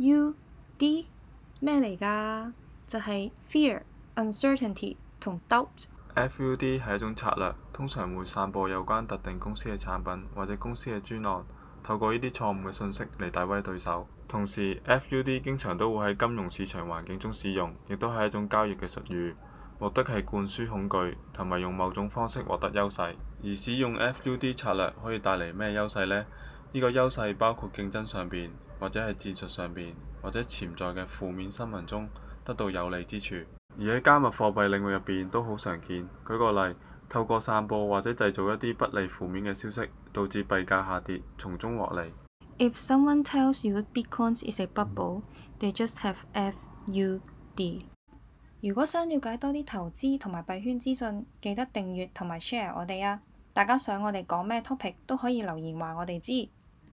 FUD 咩嚟噶？就係 fear、uncertainty 同 doubt。FUD 係一種策略，通常會散播有關特定公司嘅產品或者公司嘅專案，透過呢啲錯誤嘅信息嚟詆毀對手。同時，FUD 經常都會喺金融市場環境中使用，亦都係一種交易嘅術語，目的係灌輸恐懼同埋用某種方式獲得優勢。而使用 FUD 策略可以帶嚟咩優勢呢？呢個優勢包括競爭上邊，或者係戰術上邊，或者潛在嘅負面新聞中得到有利之處。而喺加密貨幣領域入邊都好常見。舉個例，透過散播或者製造一啲不利負面嘅消息，導致幣價下跌，從中獲利。If someone tells you that Bitcoins is a bubble, they just have FUD a bubble, f。如果想了解多啲投資同埋幣圈資訊，記得訂閱同埋 share 我哋啊！大家想我哋講咩 topic 都可以留言話我哋知。